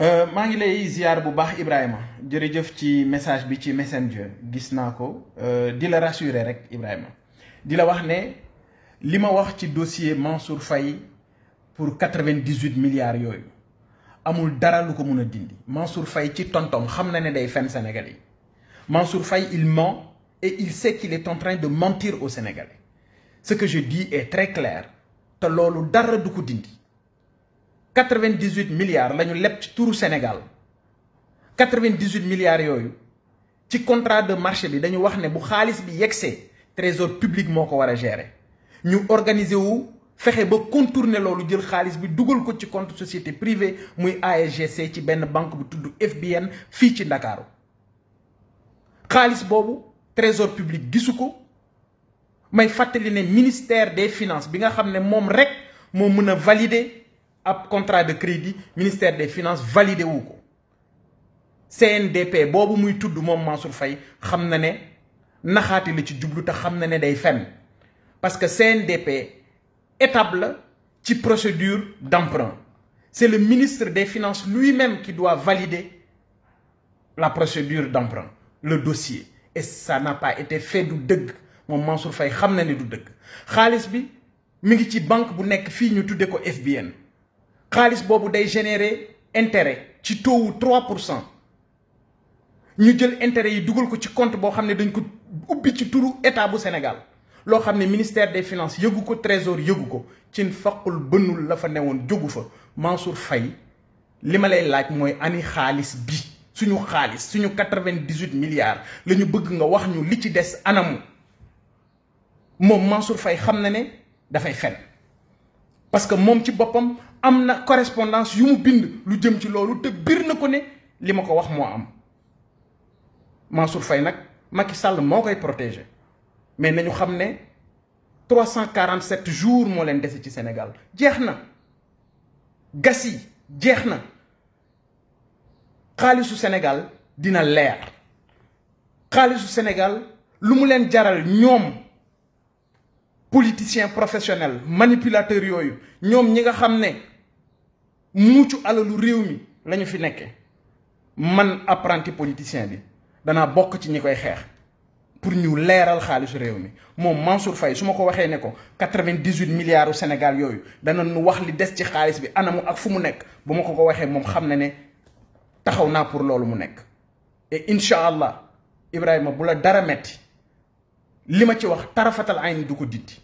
Euh, maa ngi lay ziar bu baax Ibrahima jërëjëf ci message bi ci messenger gis naa ko euh, di la rassurer rek Ibrahima di la wax ne li ma wax ci dossier Mansour fay pour quatre-vingt-dix-huit milliards yooyu amul dara lu ko mun a dindi Mansour fay ci tontom xam na ne day fen sénégal yi Mansour fay il ment et il sait qu'il en train de mentir aux Sénégalais ce que je dis est très claire te loolu dara du ko dindi quatre-vingt-dix-huit milliards la ñu leb ci turu Sénégal milliards yooyu ci contrat de marché bi dañu wax ne bu xaalis bi yegsee trésor public moo ko war a gérer ñu organiser wu fexe ba contourner loolu jël xaalis bi dugal ko ci compte société privée muy ASGC ci benn banque bu tudd FBN fii ci Ndakaaru xaalis boobu trésor public gisu ko may fàttali ne ministère des finance bi nga xam ne moom rek moo mën a valider ab contrat de crédit ministère des finance validé wu ko CNDP boobu muy tudd moom Mansour fay xam na ne naxaate la ci jublu te xam na ne day fen parce que CNDP étape la ci procédure d'emprunt c'est le ministre des finances lui-même qui doit valider la procédure d'emprunt le dossier et ça n'a pas été du dëgg moom Mansour Faye xam na ne du dëgg xaalis bi mu ngi ci banque bu nekk fii ñu tudde ko FBN xaalis boobu day générer intérêt ci taux wu 3 pour cent ñu jël intérêt yi dugal ko ci compte boo xam ne dañ ko ubbi ci turu état bu Sénégal loo xam ne ministère des finances yëgu ko trésor yëgu ko cin faqul bënnul la fa ne woon jógu fa Mansour fay li ma lay laaj mooy ani xaalis bi suñu xaalis suñu 98 milliards la ñu bëgg nga wax ñu li ci des anamu moom Mansour fay xam na ne dafay fen parce que moom ci boppam am na correspondance yu mu bind lu jëm ci loolu te bir na ko ne li ma ko wax moo am Mansour fay nag Macky Sall moo koy protéger mais nañu xam ne trois cent 347 jours moo leen dese ci Sénégal jeex na gas yi jeex na xaalisu Sénégal dina leer xaalisu Sénégal lu mu leen jaral ñoom politiciens professionnels manipulateurs yooyu ñoom ñi nga xam ne muucu alalu réew mi la ñu fi nekkee man apprenti politicien bi danaa bokk ci ñi koy xeex pour ñu leeral xaalisu réew mi moom Mansour Faye su ma ko waxee ne ko quatre-vingt-dix-huit Sénégal yooyu dana nu wax li des ci xaalis bi anamu ak fu mu nekk bu ma ko ko waxee moom xam ne ne taxaw naa pour loolu mu nekk et incha allah Ibrahima bu la dara metti li ma ci wax tarafatal ayn du ko dindi